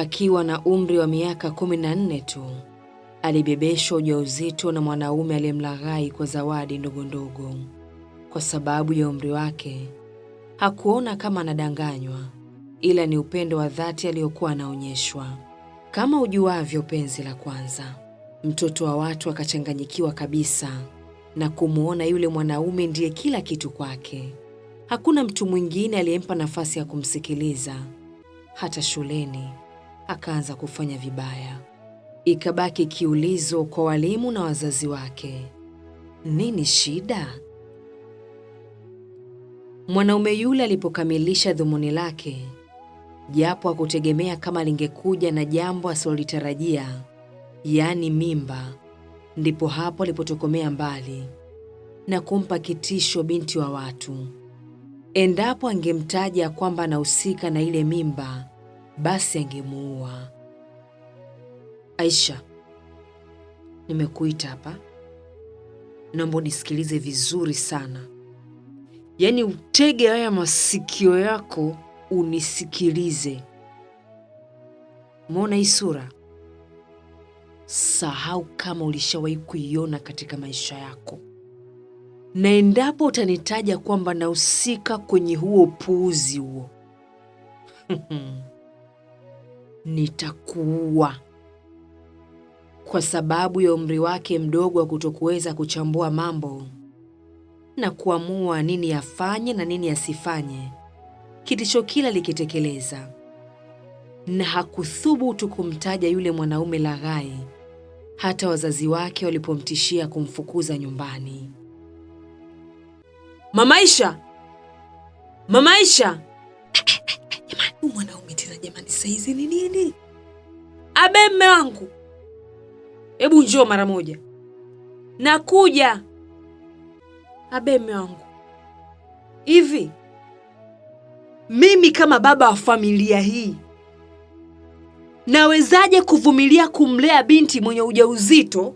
Akiwa na umri wa miaka 14 tu alibebeshwa ujauzito na mwanaume aliyemlaghai kwa zawadi ndogo ndogo. Kwa sababu ya umri wake, hakuona kama anadanganywa, ila ni upendo wa dhati aliyokuwa anaonyeshwa. Kama ujuavyo, penzi la kwanza, mtoto wa watu akachanganyikiwa kabisa na kumwona yule mwanaume ndiye kila kitu kwake. Hakuna mtu mwingine aliyempa nafasi ya kumsikiliza, hata shuleni akaanza kufanya vibaya. Ikabaki kiulizo kwa walimu na wazazi wake, nini shida? Mwanaume yule alipokamilisha dhumuni lake, japo hakutegemea kama lingekuja na jambo asilolitarajia, yaani mimba, ndipo hapo alipotokomea mbali na kumpa kitisho binti wa watu. Endapo angemtaja kwamba anahusika na ile mimba, basi angemuua. Aisha, nimekuita hapa, naomba unisikilize vizuri sana, yaani utege haya masikio yako unisikilize. Umeona hii sura? Sahau kama ulishawahi kuiona katika maisha yako, na endapo utanitaja kwamba nahusika kwenye huo upuuzi huo nitakuua. Kwa sababu ya umri wake mdogo wa kutokuweza kuchambua mambo na kuamua nini afanye na nini asifanye, kitisho kila likitekeleza, na hakuthubutu kumtaja yule mwanaume laghai, hata wazazi wake walipomtishia kumfukuza nyumbani. Mamaisha, mamaisha, jamani, saizi ni nini? Abe, mme wangu, hebu njoo mara moja, nakuja. Abe, mme wangu, hivi mimi kama baba wa familia hii nawezaje kuvumilia kumlea binti mwenye ujauzito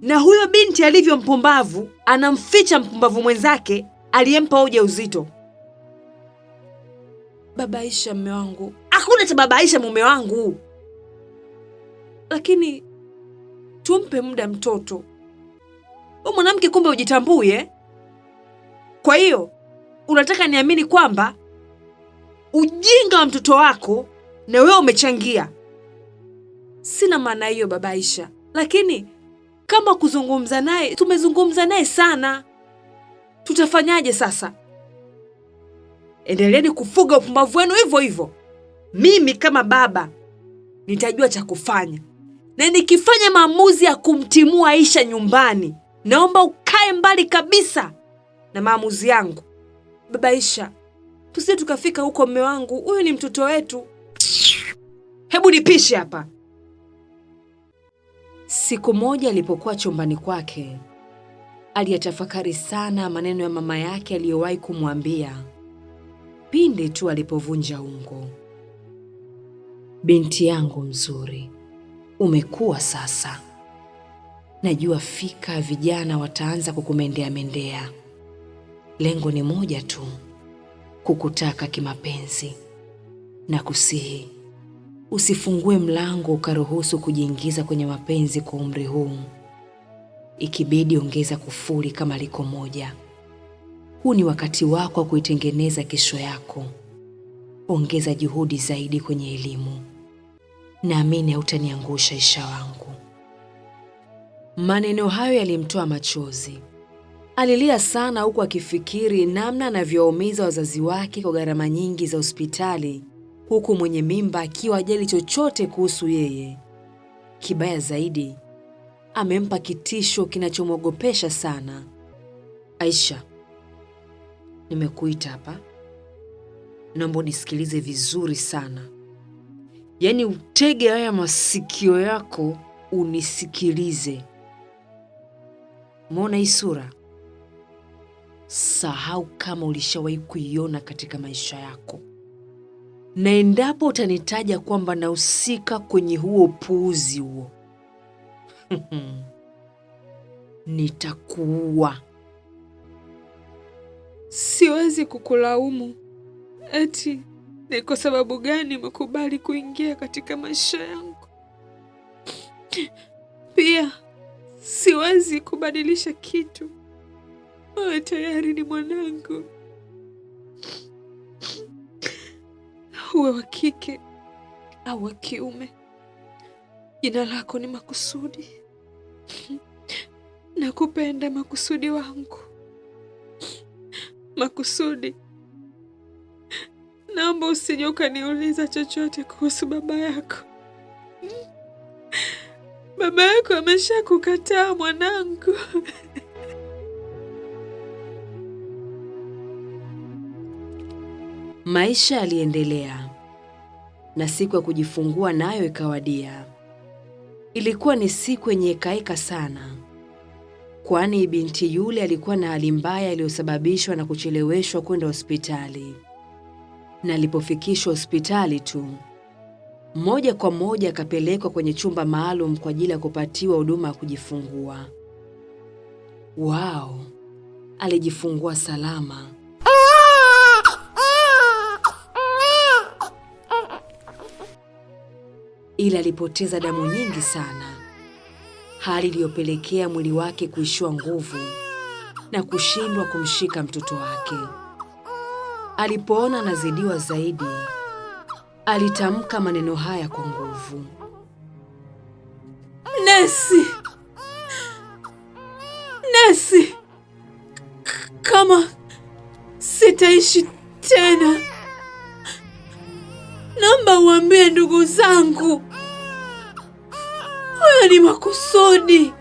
na huyo binti alivyo mpumbavu, anamficha mpumbavu mwenzake aliyempa ujauzito? Baba Aisha, mme wangu, hakuna cha baba Aisha mume wangu, lakini tumpe muda mtoto. U mwanamke, kumbe ujitambue. Eh? Kwa hiyo unataka niamini kwamba ujinga wa mtoto wako na wewe umechangia? Sina maana hiyo baba Aisha, lakini kama kuzungumza naye, tumezungumza naye sana. Tutafanyaje sasa? Endeleeni kufuga upumbavu wenu hivyo hivyo mimi kama baba nitajua cha kufanya, na nikifanya maamuzi ya kumtimua Aisha nyumbani, naomba ukae mbali kabisa na maamuzi yangu. Baba Aisha, tusije tukafika huko. Mme wangu huyu ni mtoto wetu, hebu nipishe hapa. Siku moja alipokuwa chumbani kwake, aliyatafakari sana maneno ya mama yake aliyowahi kumwambia pindi tu alipovunja ungo binti yangu mzuri, umekuwa sasa. Najua fika vijana wataanza kukumendea mendea. Lengo ni moja tu, kukutaka kimapenzi, na kusihi usifungue mlango ukaruhusu kujiingiza kwenye mapenzi kwa umri huu. Ikibidi ongeza kufuli kama liko moja. Huu ni wakati wako wa kuitengeneza kesho yako. Ongeza juhudi zaidi kwenye elimu naamini hautaniangusha Isha wangu. Maneno hayo yalimtoa machozi. Alilia sana huku akifikiri namna anavyowaumiza wazazi wake kwa gharama nyingi za hospitali, huku mwenye mimba akiwa ajali chochote kuhusu yeye. Kibaya zaidi, amempa kitisho kinachomwogopesha sana. Aisha, nimekuita hapa, naomba unisikilize vizuri sana yaani utege haya masikio yako unisikilize. Umeona hii sura? Sahau kama ulishawahi kuiona katika maisha yako, na endapo utanitaja kwamba nahusika kwenye huo upuuzi huo nitakuua. Siwezi kukulaumu eti ni kwa sababu gani umekubali kuingia katika maisha yangu? Pia siwezi kubadilisha kitu, wewe tayari ni mwanangu, uwe wa kike au wa kiume. Jina lako ni Makusudi. Nakupenda Makusudi wangu, Makusudi naomba usije ukaniuliza chochote kuhusu baba yako. Baba yako amesha kukataa mwanangu. Maisha yaliendelea na siku ya kujifungua nayo ikawadia. Ilikuwa ni siku yenye hekaheka sana, kwani binti yule alikuwa na hali mbaya iliyosababishwa na kucheleweshwa kwenda hospitali na alipofikishwa hospitali tu moja kwa moja akapelekwa kwenye chumba maalum kwa ajili ya kupatiwa huduma ya kujifungua. Wao alijifungua salama. Ila alipoteza damu nyingi sana, hali iliyopelekea mwili wake kuishiwa nguvu na kushindwa kumshika mtoto wake. Alipoona anazidiwa zaidi, alitamka maneno haya kwa nguvu: Nesi, Nesi, kama sitaishi tena, naomba uambie ndugu zangu, huyo ni makusudi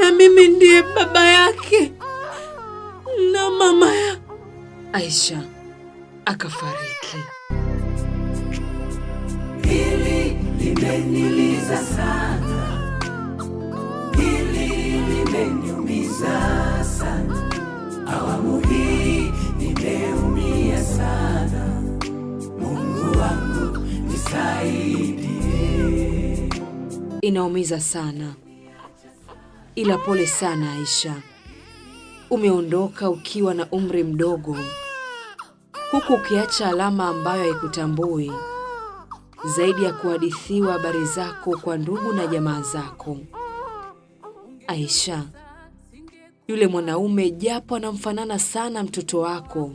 na mimi ndiye baba yake na mama yake. Aisha akafariki. Hili limeniliza sana, hili limeniumiza sana, awamu hii nimeumia sana. Mungu wangu nisaidie. Inaumiza sana, ila pole sana Aisha, umeondoka ukiwa na umri mdogo huku ukiacha alama ambayo haikutambui zaidi ya kuhadithiwa habari zako kwa ndugu na jamaa zako. Aisha, yule mwanaume japo anamfanana sana mtoto wako,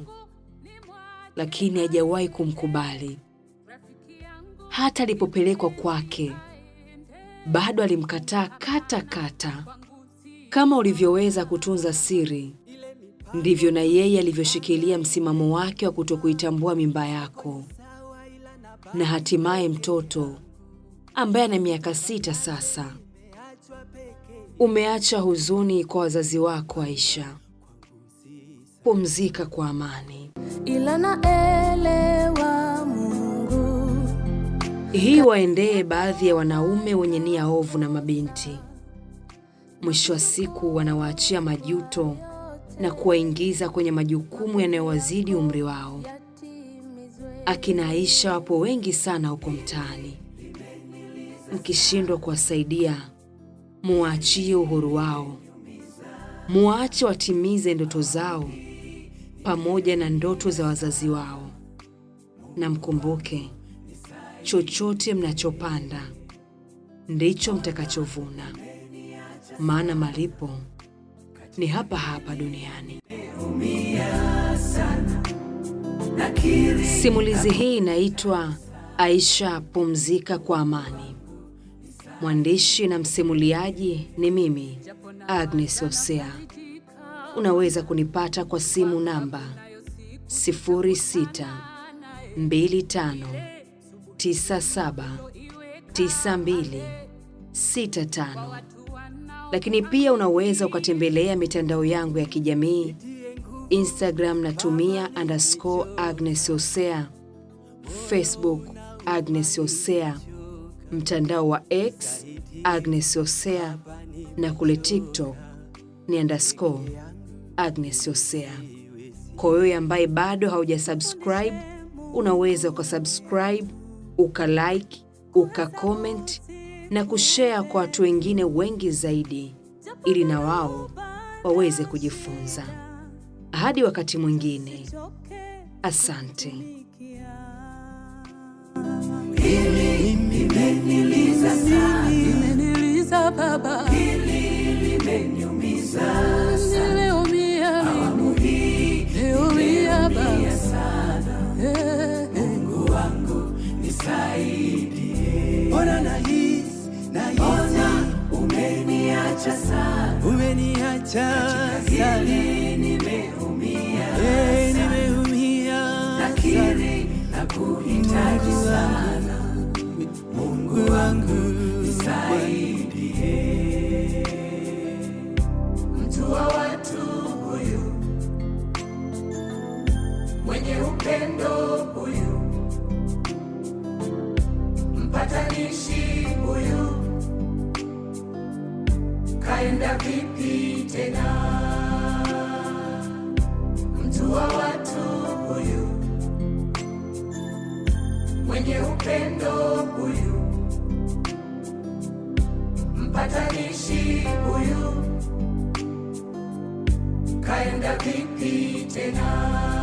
lakini hajawahi kumkubali. Hata alipopelekwa kwake bado alimkataa kata Kama ulivyoweza kutunza siri, ndivyo na yeye alivyoshikilia msimamo wake wa kutokuitambua mimba yako, na hatimaye mtoto ambaye ana miaka sita sasa. Umeacha huzuni kwa wazazi wako Aisha, pumzika kwa amani. Ila naelewa Mungu. Hii waendee baadhi ya wanaume wenye nia ovu na mabinti, mwisho wa siku wanawaachia majuto na kuwaingiza kwenye majukumu yanayowazidi umri wao. Akina Aisha wapo wengi sana huko mtaani. Mkishindwa kuwasaidia, muwaachie uhuru wao, muwaache watimize ndoto zao pamoja na ndoto za wazazi wao, na mkumbuke, chochote mnachopanda ndicho mtakachovuna, maana malipo ni hapa hapa duniani. Simulizi hii inaitwa Aisha Pumzika kwa Amani. Mwandishi na msimuliaji ni mimi Agnes Osea. Unaweza kunipata kwa simu namba 0625979265 lakini pia unaweza ukatembelea mitandao yangu ya kijamii. Instagram natumia underscore Agnes osea Facebook Agnes osea mtandao wa X Agnes osea na kule TikTok ni underscore Agnes osea Kwa wewe ambaye bado haujasubscribe, unaweza ukasubscribe, ukalike, ukakoment na kushea kwa watu wengine wengi zaidi, ili na wao waweze kujifunza. Hadi wakati mwingine, asante. Hili limeniliza sana, limeniliza Baba, hili limeniumiza. umeniacha sali mwenye upendo huyu, mpatanishi huyu, kaenda vipi tena?